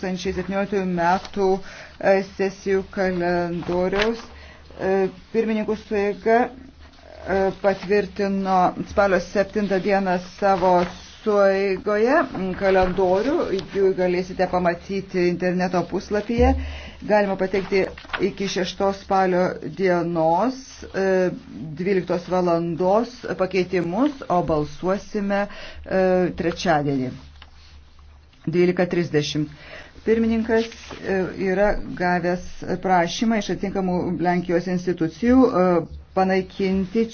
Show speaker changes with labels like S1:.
S1: 2017 metų e, sesijų kalendoriaus. E, pirmininkų suėga e, patvirtino spalio 7 dieną savo suėgoje kalendorių, jų galėsite pamatyti interneto puslapyje. Galima patekti iki 6 spalio dienos 12 valandos pakeitimus, o balsuosime trečiadienį 12.30. Pirmininkas e, yra gavęs prašymą iš atitinkamų Lenkijos institucijų e, panaikinti